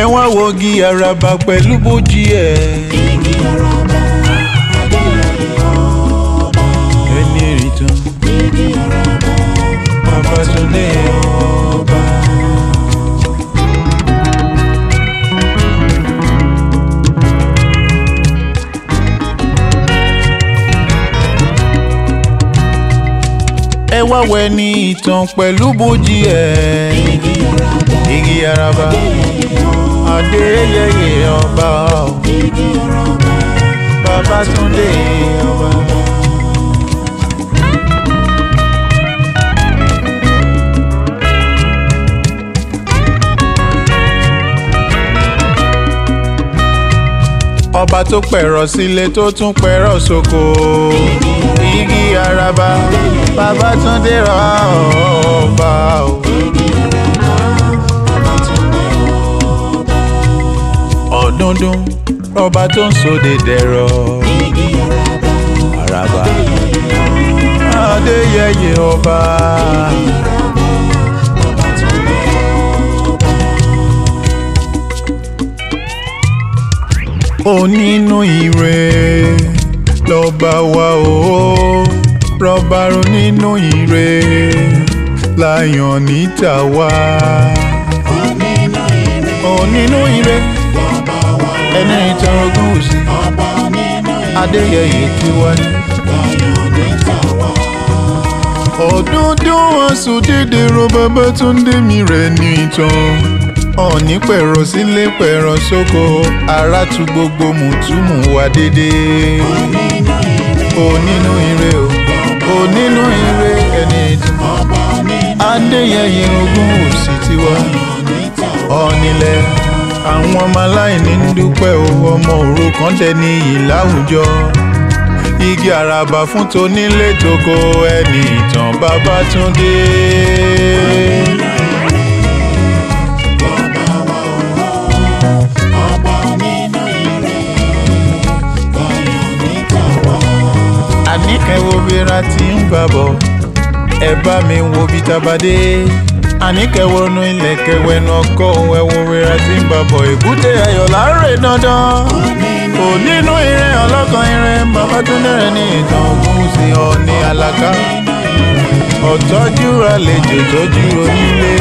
ẹ wá wogi àràbà pẹ̀lú bójì ẹ̀. igi àràbà adéyẹyẹ ọba. ẹni èrì tán. igi àràbà babatunde ọba. ẹ wá wẹ ní ìtàn pẹ̀lú bójì ẹ̀. igi igi araba adéyẹyẹ ọba Babátúndé ọba. ọba tó pẹ̀rọ sílé tó tún pẹ̀rọ sóko igi araba Babátúndé ọba. dúndún ọba tó ń sòde dẹ̀rọ̀ àràbà adéyẹyẹ ọba. onínú ire lọ́ba wa o rọ́bà onínú ire láyọ̀ níta wá. onínú ire. onínú ire ẹni ìtàn ogún òsì adéyẹyẹ kí wáyé. ọ̀dúndún oṣù dídè ro bàbá tó ń dé mi rẹ̀ ní ìtàn ọ̀ní pẹ̀rọ sílé pẹ̀rọ sóko ara tu gbogbo mùtúmù wá dédé onínú ire o onínú ire ẹni ìtàn adéyẹyẹ ogún òsì tiwa ọ̀nilẹ̀ àwọn ọmọ aláìní ń dúpẹ́ o ọmọ òrukàn dẹni iyì láwùjọ igi àràbà fún tonílé toko ẹni ìtàn Babátúndé. àníkẹ́ wo bíra ti ń bàbọ̀ ẹ bá mi wo bí tabadé àní kẹwọnú ilẹ̀ kẹwẹnu ọkọ òun ẹwọ rira tí ń bàbọ̀ èbúté ayọ̀ láre dandan kò nínú irin ọlọ́kan irin Babátúndé rẹ̀ ní ìtàn Ògúnwùsì Ọọ̀ni Alaka ọ̀tọ́jú àlejò tọ́jú onílé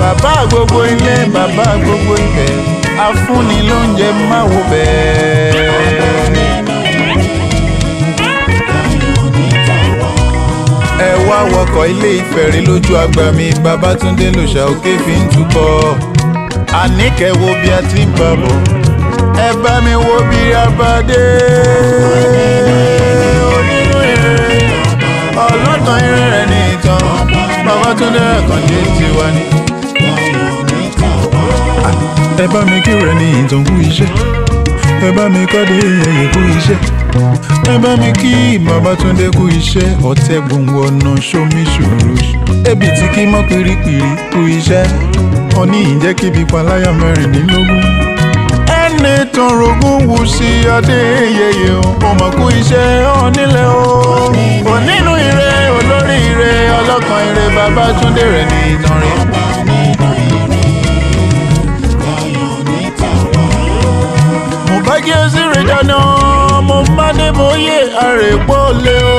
bàbá gbogbo ilé bàbá gbogbo ibẹ̀ afúnilóúnjẹ máwo bẹ́ẹ̀. wá wọkọ̀ ilé ìfẹ̀rẹ̀ lójú àgbà mi Babátúndé lòṣà òkè fi ń túbọ̀ àníkẹ́ wo bí a ti ń bàbọ̀ ẹ bá mi wo bí a bá dé onínú ìrere ọlọ́tàn ìrere ní ìtàn Babátúndé Àkànjí tiwa ni. ẹ bá mi kí rẹ̀ ní ìtàn kú iṣẹ́ ẹ bá mi kọ́ de ìyẹn kú iṣẹ́ ẹ bá mi kí Babátúndé kú iṣẹ́ ọ̀tẹ̀ gbòǹgbò ọ̀nà ṣomi ṣòro ebi tí kí mọ́ pìrìpìrì kú iṣẹ́ ọ̀ní ìjẹ́ kíbi paláyà mẹ́rìndínlógún ẹni tọrọgún wù sí adéyẹyẹ ọmọ kú iṣẹ́ onílẹ̀ o onínú ire olórí ire ọlọ́kan ire Babátúndé rẹ̀ ní ìtọ́rin. mo bá kí o sì rí dáná ọmọ Gbádébóyè Àrègbólé o.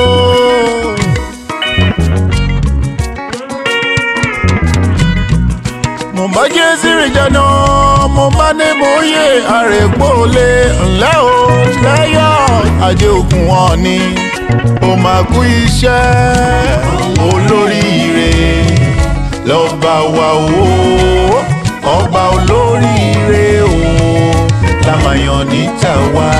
mo bá Jésì rìn jẹ̀nà ọmọ Gbádébóyè Àrègbólé ńlẹ́ o lẹ́yọ̀ ajé òkun wọn ni ó máa kú iṣẹ́ olóríire lọ́ba wa o ọba olóríire o làmàyàn níta wa.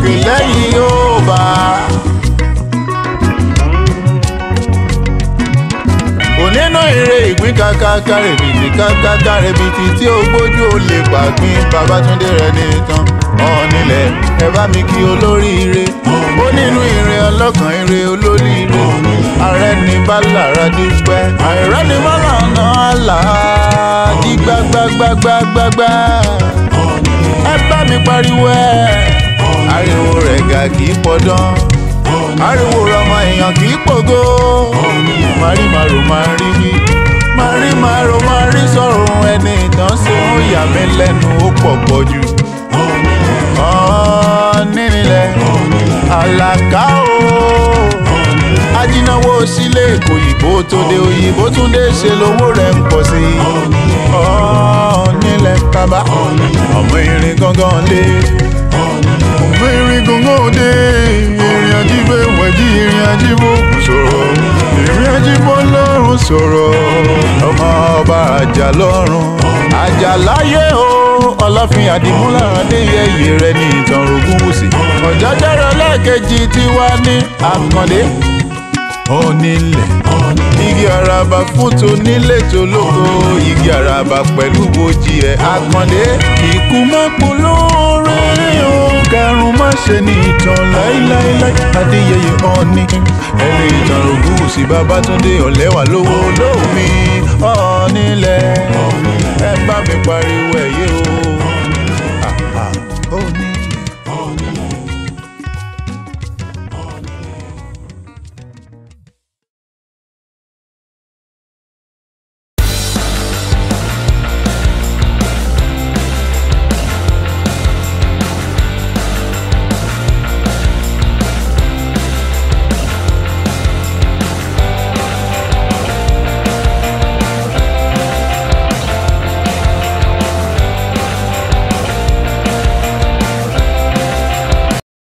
gòkè lẹ́yìn ọba. onínà eré ìgbín kákáká rèmi kaka kákáká rèmi ti tí ó gbójú ó lè pàgbín Babátúndé rẹ ní tán ọ̀nilẹ̀ ẹ bá mi kí olóríire ó nínú ire ọlọ́kàn ire olóríire ààrẹ ní bàlára dúpẹ́ ààrẹ ní bàlànà àlà dí gbágbágbágbágbá ẹ bá mi pariwo ẹ àgbà kì í pọdán ariwo ọmọ èèyàn kì í pògo mari maro máa rí wí mari maro máa rí sọ̀rọ̀ ẹni ìtàn ṣe ó yà mí lẹ́nu ó pọ̀ pọ̀ jù ọ̀ọ́nìlẹ̀ àlàkà o ajínáwó sílé ìkòyìnbó tó dé òyìnbó tún dé ṣe lówó rẹ̀ ń pọ̀ sí i ọ̀ọ́nìlẹ̀ kábà ọmọ irin gángan lé dé ìrìn àjíbó ìwẹ̀jì ìrìn àjíbó kù sọ̀rọ̀ ìrìn àjíbó lọ́rùn sọ̀rọ̀ ọmọ ọba àjà lọ́rùn àjà láyé o ọlọ́fin àdìmúlà adéyẹ iye rẹ ní ìtàn rògúnwùsì ọ̀jájára lẹ́ẹ̀kejì tí wá ní àkànlé onílẹ̀ igi àràbà fún tonílé tolóko igi àràbà pẹ̀lú bojì ẹ̀ àkànlé ìkú mọ́pọ̀ lóhùn ọlọ́run má ṣe ní ìtàn láíláíláí adéyẹyẹ ọ̀ọ́ni ẹni ìtàn ògúnwùsì babátúndé ọ̀lẹ́wà lówó lómi ọ̀ọ́nilẹ̀ ẹ bá mi pariwo.